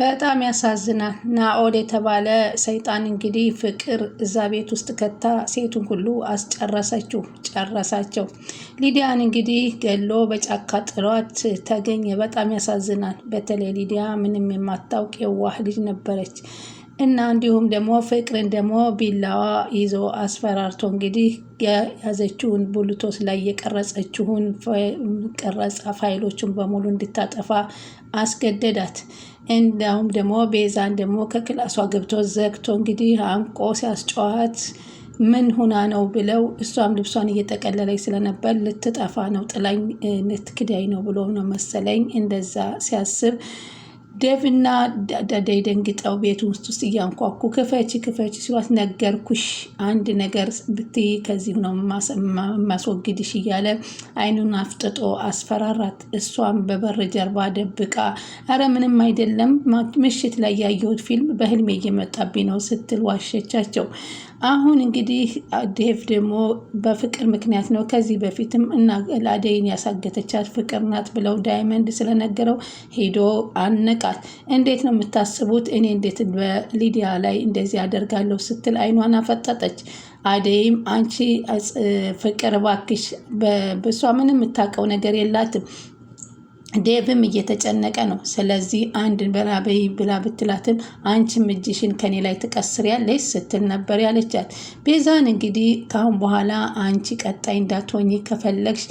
በጣም ያሳዝናል። ናኦል የተባለ ሰይጣን እንግዲህ ፍቅር እዛ ቤት ውስጥ ከታ ሴቱን ሁሉ አስጨረሰችው፣ ጨረሳቸው። ሊዲያን እንግዲህ ገሎ በጫካ ጥሏት ተገኘ። በጣም ያሳዝናል። በተለይ ሊዲያ ምንም የማታውቅ የዋህ ልጅ ነበረች እና እንዲሁም ደግሞ ፍቅርን ደግሞ ቢላዋ ይዞ አስፈራርቶ እንግዲህ የያዘችውን ቡልቶስ ላይ የቀረጸችውን ቀረጻ ፋይሎችን በሙሉ እንድታጠፋ አስገደዳት። እንዳውም ደግሞ ቤዛን ደግሞ ከክላሷ ገብቶ ዘግቶ እንግዲህ አንቆ ሲያስጨዋት ምን ሁና ነው ብለው እሷም ልብሷን እየጠቀለለች ስለነበር ልትጠፋ ነው ጥላኝ ልትክዳይ ነው ብሎ ነው መሰለኝ እንደዛ ሲያስብ ዴቭና አደይ ደንግጠው ቤት ውስጥ ውስጥ እያንኳኩ ክፈች ክፈች ሲሏት ነገርኩሽ፣ አንድ ነገር ብትይ ከዚህ ነው የማስወግድሽ እያለ አይኑን አፍጥጦ አስፈራራት። እሷም በበር ጀርባ ደብቃ አረ ምንም አይደለም ምሽት ላይ ያየሁት ፊልም በህልሜ እየመጣብኝ ነው ስትል ዋሸቻቸው። አሁን እንግዲህ ዴቭ ደግሞ በፍቅር ምክንያት ነው። ከዚህ በፊትም እና አደይን ያሳገተቻት ፍቅር ናት ብለው ዳይመንድ ስለነገረው ሄዶ አነቃት። እንዴት ነው የምታስቡት? እኔ እንዴት በሊዲያ ላይ እንደዚህ አደርጋለሁ ስትል አይኗን አፈጠጠች። አደይም አንቺ ፍቅር እባክሽ፣ በሷ ምንም የምታውቀው ነገር የላትም ዴቭም እየተጨነቀ ነው። ስለዚህ አንድ በላ በይ ብላ ብትላትም አንቺም እጅሽን ከኔ ላይ ያለች ስትል ነበር ያለቻት። ቤዛን እንግዲህ ካሁን በኋላ አንቺ ቀጣይ እንዳትሆኝ ከፈለግሽ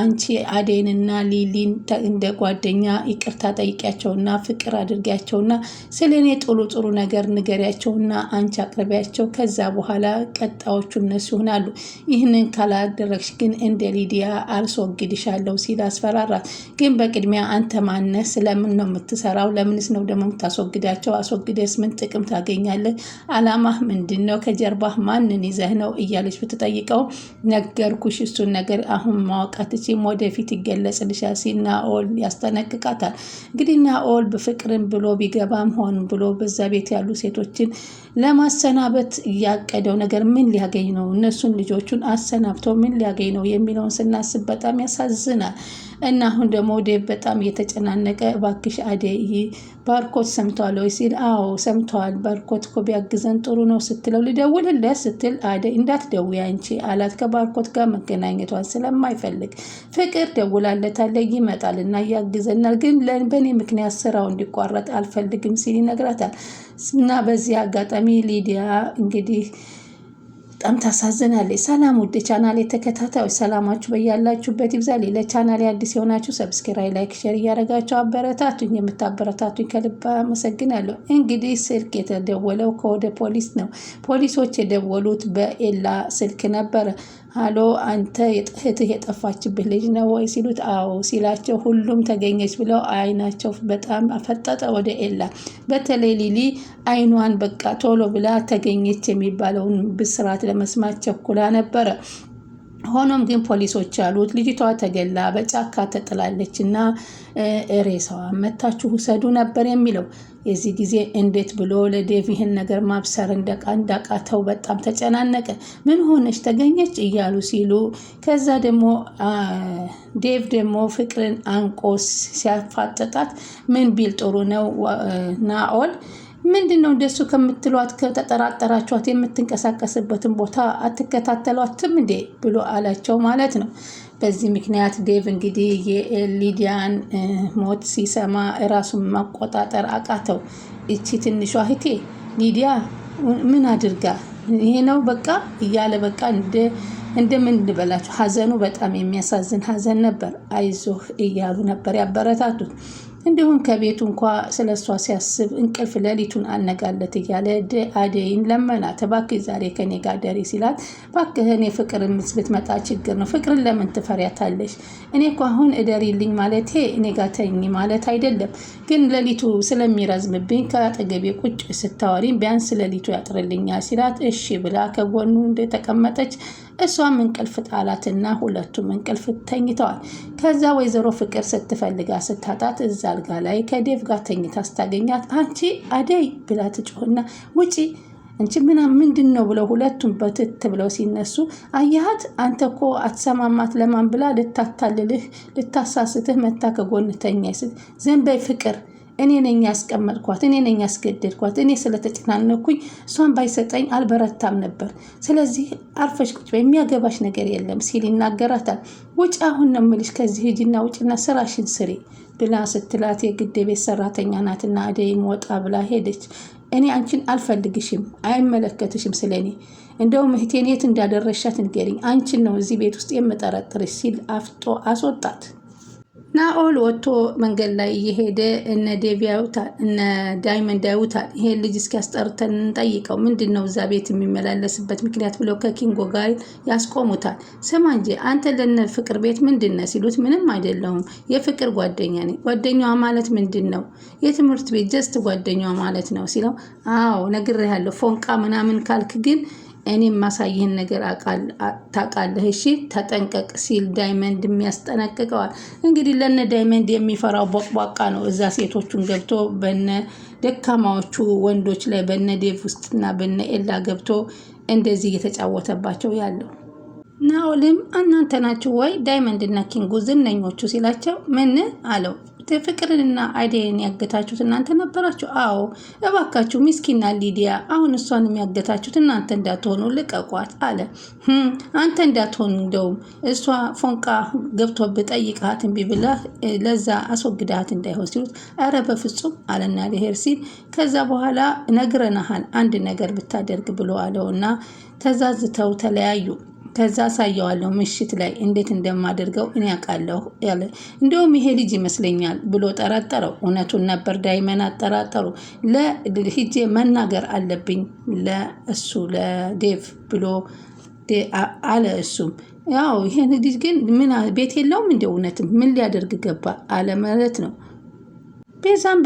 አንቺ አዴንና ሊሊን እንደ ጓደኛ ይቅርታ ጠይቂያቸውና ፍቅር አድርጊያቸውና ስለ እኔ ጥሩ ጥሩ ነገር ንገሪያቸውና አንቺ አቅርቢያቸው። ከዛ በኋላ ቀጣዮቹ እነሱ ይሆናሉ። ይህንን ካላደረግሽ ግን እንደ ሊዲያ አልስወግድሻለሁ ሲል አስፈራራት። ግን በቅ በቅድሚያ አንተ ማነህ? ስለምን ነው የምትሰራው? ለምንስ ነው ደግሞ የምታስወግዳቸው? አስወግደስ ምን ጥቅም ታገኛለህ? አላማህ ምንድን ነው? ከጀርባህ ማንን ይዘህ ነው እያለች ብትጠይቀው ነገርኩሽ፣ እሱን ነገር አሁን ማወቅ አትችይም፣ ወደፊት ይገለጽልሻል ሲል ናኦል ያስጠነቅቃታል። እንግዲህ ናኦል በፍቅርን ብሎ ቢገባም ሆን ብሎ በዛ ቤት ያሉ ሴቶችን ለማሰናበት ያቀደው ነገር ምን ሊያገኝ ነው? እነሱን ልጆቹን አሰናብቶ ምን ሊያገኝ ነው የሚለውን ስናስብ በጣም ያሳዝናል። እና አሁን ደግሞ በጣም እየተጨናነቀ እባክሽ አደይ ባርኮት ሰምተዋል ወይ ሲል አዎ ሰምተዋል፣ ባርኮት እኮ ቢያግዘን ጥሩ ነው ስትለው ልደውልለት ስትል አደይ እንዳትደውይ አንቺ አላት። ከባርኮት ጋር መገናኘቷን ስለማይፈልግ ፍቅር ደውላለታለች። እና እያግዘናል፣ ግን በእኔ ምክንያት ስራው እንዲቋረጥ አልፈልግም ሲል ይነግራታል። እና በዚህ አጋጣሚ ሊዲያ እንግዲህ በጣም ታሳዝናለች። ሰላም ውድ ቻናል ተከታታዮች ሰላማችሁ በያላችሁበት ይብዛል። ለቻናል አዲስ የሆናችሁ ሰብስክራይ፣ ላይክ፣ ሼር እያደረጋችሁ አበረታቱኝ። የምታበረታቱኝ ከልብ አመሰግናለሁ። እንግዲህ ስልክ የተደወለው ከወደ ፖሊስ ነው። ፖሊሶች የደወሉት በኤላ ስልክ ነበረ። ሀሎ አንተ እህትህ የጠፋችብህ ልጅ ነው ወይ ሲሉት አዎ ሲላቸው ሁሉም ተገኘች ብለው አይናቸው በጣም አፈጠጠ ወደ ኤላ። በተለይ ሊሊ አይኗን በቃ ቶሎ ብላ ተገኘች የሚባለውን ብስራት ለመስማት ቸኩላ ነበረ። ሆኖም ግን ፖሊሶች ያሉት ልጅቷ ተገላ በጫካ ተጥላለች እና ሬሳዋ መታችሁ ውሰዱ ነበር የሚለው። የዚህ ጊዜ እንዴት ብሎ ለዴቭ ይህን ነገር ማብሰር እንዳቃተው በጣም ተጨናነቀ። ምን ሆነች ተገኘች እያሉ ሲሉ ከዛ ደግሞ ዴቭ ደግሞ ፍቅርን አንቆ ሲያፋጥጣት ምን ቢል ጥሩ ነው ናኦል ምንድን ነው እንደሱ ከምትሏት ከተጠራጠራችኋት የምትንቀሳቀስበትን ቦታ አትከታተሏትም እንዴ ብሎ አላቸው ማለት ነው። በዚህ ምክንያት ዴቭ እንግዲህ የሊዲያን ሞት ሲሰማ ራሱን መቆጣጠር አቃተው። እቺ ትንሿ ህቴ ሊዲያ ምን አድርጋ ይሄ ነው በቃ እያለ በቃ እንደምን እንበላችሁ ሀዘኑ በጣም የሚያሳዝን ሀዘን ነበር። አይዞህ እያሉ ነበር ያበረታቱት። እንዲሁም ከቤቱ እንኳ ስለ እሷ ሲያስብ እንቅልፍ ሌሊቱን አልነጋለት እያለ አደይን ለመናት። እባክህ ዛሬ ከኔ ጋር ደሪ ሲላት፣ እባክህ የፍቅር ፍቅር ብትመጣ ችግር ነው። ፍቅርን ለምን ትፈሪያታለሽ? እኔ እኮ አሁን እደሪልኝ ማለት እኔ ጋር ተኝ ማለት አይደለም፣ ግን ሌሊቱ ስለሚረዝምብኝ ከአጠገቤ ቁጭ ስታወሪኝ ቢያንስ ሌሊቱ ያጥርልኛል ሲላት፣ እሺ ብላ ከጎኑ እንደተቀመጠች እሷም እንቅልፍ ጣላትና ሁለቱም እንቅልፍ ተኝተዋል። ከዛ ወይዘሮ ፍቅር ስትፈልጋ ስታጣት እዛ አልጋ ላይ ከዴቭ ጋር ተኝታ ስታገኛት አንቺ አደይ ብላ ትጮህና ውጪ እንቺ ምና ምንድን ነው ብለው ሁለቱም በትት ብለው ሲነሱ አያሃት አንተ እኮ አትሰማማት ለማን ብላ ልታታልልህ ልታሳስትህ መታ ከጎን ተኛ ስት ዘንበይ ፍቅር እኔ ነኝ ያስቀመጥኳት፣ እኔ ነኝ ያስገደድኳት፣ እኔ ስለተጨናነኩኝ እሷን ባይሰጠኝ አልበረታም ነበር። ስለዚህ አርፈሽ ቁጭ የሚያገባሽ ነገር የለም ሲል ይናገራታል። ውጭ አሁን ነው የምልሽ፣ ከዚህ ሂጂና ውጭና ስራሽን ስሪ ብላ ስትላት የግድ ቤት ሰራተኛ ናትና አደይም ወጣ ብላ ሄደች። እኔ አንቺን አልፈልግሽም፣ አይመለከትሽም ስለ እኔ። እንደውም እህቴን የት እንዳደረሻት ንገሪኝ፣ አንቺን ነው እዚህ ቤት ውስጥ የምጠረጥርሽ ሲል አፍጦ አስወጣት። ናኦል ወጥቶ መንገድ ላይ እየሄደ እነ ዴቪ ያዩታል፣ እነ ዳይመንድ ያዩታል። ይሄን ልጅ እስኪ ያስጠርተን እንጠይቀው፣ ምንድን ነው እዛ ቤት የሚመላለስበት ምክንያት ብለው ከኪንጎ ጋር ያስቆሙታል። ስማ እንጂ አንተ ለነ ፍቅር ቤት ምንድን ነህ ሲሉት፣ ምንም አይደለሁም የፍቅር ጓደኛ ነኝ። ጓደኛዋ ማለት ምንድን ነው? የትምህርት ቤት ጀስት ጓደኛዋ ማለት ነው ሲለው፣ አዎ ነግሬሃለሁ ፎንቃ ምናምን ካልክ ግን እኔ የማሳይህን ነገር ታውቃለህ፣ እሺ ተጠንቀቅ ሲል ዳይመንድ የሚያስጠነቅቀዋል። እንግዲህ ለነ ዳይመንድ የሚፈራው ቧቅቧቃ ነው። እዛ ሴቶቹን ገብቶ በነ ደካማዎቹ ወንዶች ላይ በነ ዴቭ ውስጥና በነ ኤላ ገብቶ እንደዚህ እየተጫወተባቸው ያለው ናኦልም እናንተ ናችሁ ወይ ዳይመንድና ኪንጉ ዝነኞቹ ሲላቸው ምን አለው ፍቅርንና አይዲን ያገታችሁት እናንተ ነበራችሁ? አዎ። እባካችሁ ሚስኪና ሊዲያ፣ አሁን እሷን የሚያገታችሁት እናንተ እንዳትሆኑ ልቀቋት አለ። አንተ እንዳትሆኑ እንደውም እሷ ፎንቃ ገብቶ ጠይቃት እምቢ ለዛ አስወግዳት እንዳይሆን ሲሉት ኧረ በፍጹም አለና ሄር ሲል ከዛ በኋላ ነግረናሃል አንድ ነገር ብታደርግ ብሎ አለውና ተዛዝተው ተለያዩ። ከዛ አሳየዋለሁ ምሽት ላይ እንዴት እንደማደርገው እኔ አውቃለሁ ያለ እንዲሁም ይሄ ልጅ ይመስለኛል ብሎ ጠረጠረው። እውነቱን ነበር ዳይመን አጠራጠሩ። ለሂጄ መናገር አለብኝ ለእሱ ለዴቭ ብሎ አለ። እሱም ያው ይሄን ልጅ ግን ምን ቤት የለውም እንደ እውነትም ምን ሊያደርግ ገባ አለ ማለት ነው። ቤዛም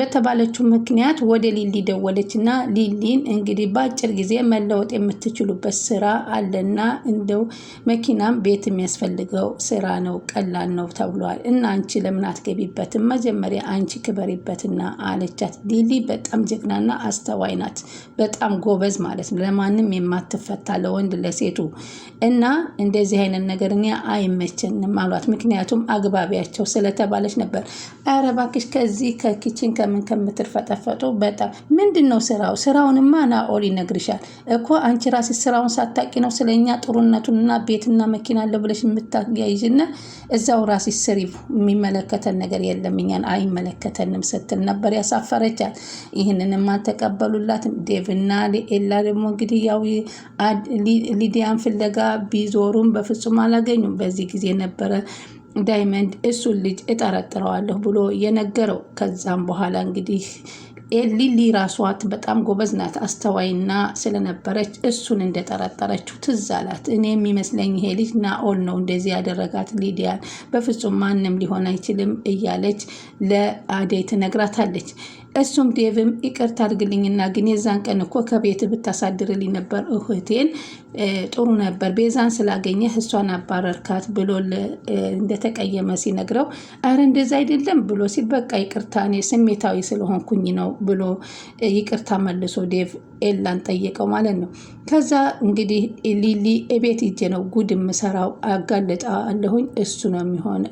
በተባለችው ምክንያት ወደ ሊሊ ደወለች እና ሊሊን እንግዲህ በአጭር ጊዜ መለወጥ የምትችሉበት ስራ አለና እንደው መኪናም ቤት የሚያስፈልገው ስራ ነው፣ ቀላል ነው ተብሏል እና አንቺ ለምን አትገቢበትም? መጀመሪያ አንቺ ክበሪበትና አለቻት። ሊሊ በጣም ጀግናና አስተዋይ ናት፣ በጣም ጎበዝ ማለት ነው። ለማንም የማትፈታ ለወንድ ለሴቱ እና እንደዚህ አይነት ነገር እኔ አይመቸንም አሏት። ምክንያቱም አግባቢያቸው ስለተባለች ነበር። ኧረ እባክሽ ከዚህ ከኪችን ከምን ከምትርፈጠፈጡ በጣም ምንድን ነው ስራው? ስራውንማ ናኦል ይነግርሻል እኮ አንቺ ራሲ ስራውን ሳታቂ ነው ስለኛ ጥሩነቱንና ቤትና መኪና አለ ብለሽ የምታያይዥና እዛው ራሲ ስሪ፣ የሚመለከተን ነገር የለም እኛን አይመለከተንም ስትል ነበር ያሳፈረቻል። ይህንንም አልተቀበሉላትም። ዴቭና ኤላ ደግሞ እንግዲህ ያው ሊዲያን ፍለጋ ቢዞሩም በፍጹም አላገኙም። በዚህ ጊዜ ነበረ ዳይመንድ እሱን ልጅ እጠረጥረዋለሁ ብሎ የነገረው። ከዛም በኋላ እንግዲህ ሊሊ ራሷት በጣም ጎበዝ ናት፣ አስተዋይና ስለነበረች እሱን እንደጠረጠረችው ትዝ አላት። እኔ የሚመስለኝ ይሄ ልጅ ናኦል ነው እንደዚህ ያደረጋት ሊዲያን፣ በፍጹም ማንም ሊሆን አይችልም እያለች ለአደይ ትነግራታለች። እሱም ዴቭም ይቅርታ አድርግልኝና ግን የዛን ቀን እኮ ከቤት ብታሳድርልኝ ነበር እህቴን ጥሩ ነበር፣ ቤዛን ስላገኘ እሷን አባረርካት ብሎ እንደተቀየመ ሲነግረው አረ እንደዛ አይደለም ብሎ ሲል በቃ ይቅርታ እኔ ስሜታዊ ስለሆንኩኝ ነው ብሎ ይቅርታ መልሶ ዴቭ ኤላን ጠየቀው ማለት ነው። ከዛ እንግዲህ ሊሊ እቤት ሂጄ ነው ጉድ የምሰራው አጋለጣ አለሁኝ እሱ ነው የሚሆን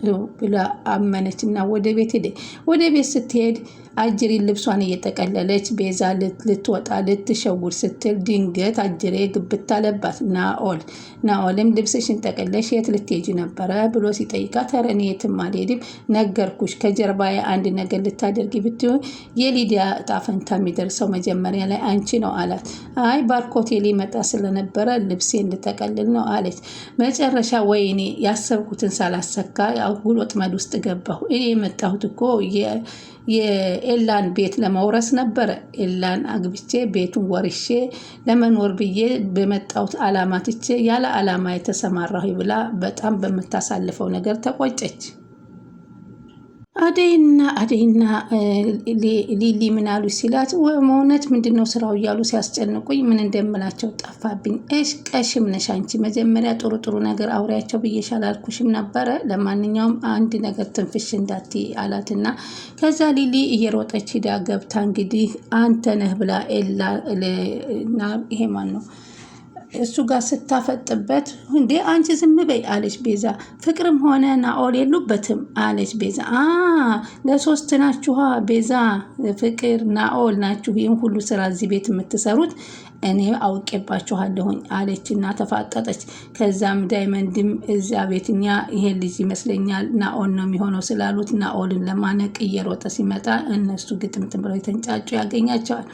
ብላ አመነች እና ወደ ቤት ሄደ። ወደ ቤት ስትሄድ አጅሬ ልብሷን እየጠቀለለች ቤዛ ልትወጣ ልትሸውድ ስትል ድንገት አጅሬ ግብት አለባት። ናኦል ናኦልም ልብስሽን ጠቀለሽ የት ልትሄጂ ነበረ ብሎ ሲጠይቃት ኧረ እኔ የትም አልሄድም ነገርኩሽ፣ ከጀርባዬ አንድ ነገር ልታደርጊ ብትሆን የሊዲያ እጣ ፈንታ የሚደርሰው መጀመሪያ ላይ አንቺ ነው አላት። አይ ባርኮቴ ሊመጣ ስለነበረ ልብሴ እንድጠቀልል ነው አለች። መጨረሻ ወይኔ ያሰብኩትን ሳላሰካ አጉል ወጥመድ ውስጥ ገባሁ። እኔ የመጣሁት እኮ የኤላን ቤት ለመውረስ ነበረ። ኤላን አግብቼ ቤቱን ወርሼ ለመኖር ብዬ በመጣሁት አላማ ትቼ ያለ አላማ የተሰማራሁ ብላ በጣም በምታሳልፈው ነገር ተቆጨች። አደይና አደይና ሊሊ ምን አሉ ሲላት፣ እውነት ምንድን ነው ስራው እያሉ ሲያስጨንቁኝ ምን እንደምላቸው ጠፋብኝ። እሽ ቀሽም ነሽ አንቺ። መጀመሪያ ጥሩ ጥሩ ነገር አውሪያቸው ብዬሽ አላልኩሽም ነበረ? ለማንኛውም አንድ ነገር ትንፍሽ እንዳት አላትና ከዛ ሊሊ እየሮጠች ሂዳ ገብታ እንግዲህ አንተ ነህ ብላ ኤላ ይሄ ማን ነው እሱ ጋር ስታፈጥበት እንዴ አንቺ ዝም በይ አለች ቤዛ። ፍቅርም ሆነ ናኦል የሉበትም አለች ቤዛ። አ ለሶስት ናችኋ ቤዛ፣ ፍቅር፣ ናኦል ናችሁ ይህም ሁሉ ስራ እዚህ ቤት የምትሰሩት እኔ አውቄባችኋለሁኝ አለች እና ተፋጠጠች። ከዛም ዳይመንድም እዚያ ቤትኛ እኛ ይሄን ልጅ ይመስለኛል ናኦል ነው የሚሆነው ስላሉት ናኦልን ለማነቅ እየሮጠ ሲመጣ እነሱ ግጥም ትምብለው የተንጫጩ ያገኛቸዋል።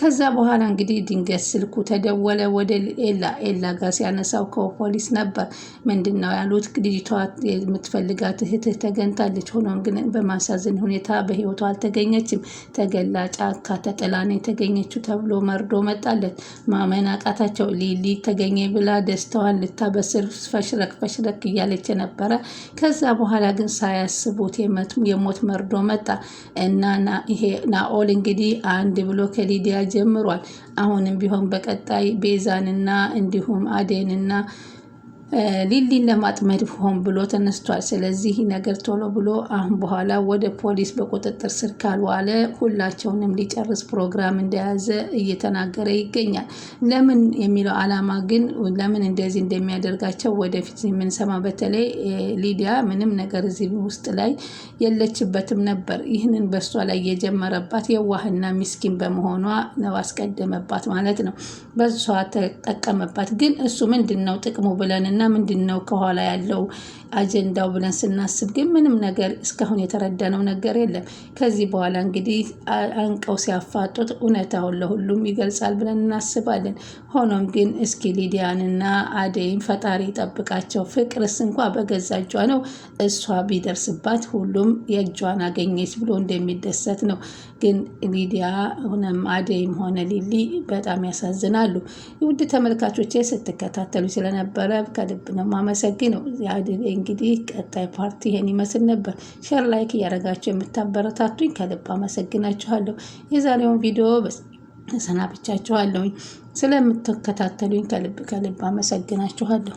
ከዛ በኋላ እንግዲህ ድንገት ስልኩ ተደወለ ወደ ኤላ። ኤላ ጋር ሲያነሳው ከፖሊስ ነበር። ምንድን ነው ያሉት? ልጅቷ የምትፈልጋት እህትህ ተገኝታለች። ሆኖም ግን በማሳዘን ሁኔታ በህይወቷ አልተገኘችም፣ ተገላ ጫካ ተጥላ ነው የተገኘችው ተብሎ መርዶ መጣለት። ማመን አቃታቸው። ሊሊ ተገኘ ብላ ደስታዋን ልታበስር ፈሽረክ ፈሽረክ እያለች ነበረ። ከዛ በኋላ ግን ሳያስቡት የሞት መርዶ መጣ እና ይሄ ናኦል እንግዲህ አንድ ብሎ ከሊዲያ ጀምሯል። አሁንም ቢሆን በቀጣይ ቤዛንና እንዲሁም አዴንና ሊሊን ለማጥመድ ሆን ብሎ ተነስቷል። ስለዚህ ነገር ቶሎ ብሎ አሁን በኋላ ወደ ፖሊስ በቁጥጥር ስር ካልዋለ ሁላቸውንም ሊጨርስ ፕሮግራም እንደያዘ እየተናገረ ይገኛል። ለምን የሚለው አላማ ግን ለምን እንደዚህ እንደሚያደርጋቸው ወደፊት የምንሰማ በተለይ ሊዲያ ምንም ነገር እዚህ ውስጥ ላይ የለችበትም ነበር። ይህንን በእሷ ላይ የጀመረባት የዋህና ሚስኪን በመሆኗ ነው አስቀደመባት ማለት ነው። በሷ ተጠቀመባት። ግን እሱ ምንድን ነው ጥቅሙ ብለንና ምንድን ነው ከኋላ ያለው አጀንዳው ብለን ስናስብ ግን ምንም ነገር እስካሁን የተረዳነው ነገር የለም። ከዚህ በኋላ እንግዲህ አንቀው ሲያፋጡት እውነታውን ለሁሉም ይገልጻል ብለን እናስባለን። ሆኖም ግን እስኪ ሊዲያንና አደይን ፈጣሪ ይጠብቃቸው። ፍቅርስ እንኳ በገዛ እጇ ነው እሷ ቢደርስባት ሁሉም የእጇን አገኘች ብሎ እንደሚደሰት ነው። ግን ሊዲያ ሆነም አደይም ሆነ ሊሊ በጣም ያሳዝናሉ። ውድ ተመልካቾቼ ስትከታተሉ ስለነበረ ከልብ ነው የማመሰግነው። እንግዲህ ቀጣይ ፓርቲ ይሄን ይመስል ነበር። ሸር ላይክ እያደረጋችሁ የምታበረታቱኝ ከልብ አመሰግናችኋለሁ። የዛሬውን ቪዲዮ ሰናብቻችኋለሁኝ። ስለምትከታተሉኝ ከልብ ከልብ አመሰግናችኋለሁ።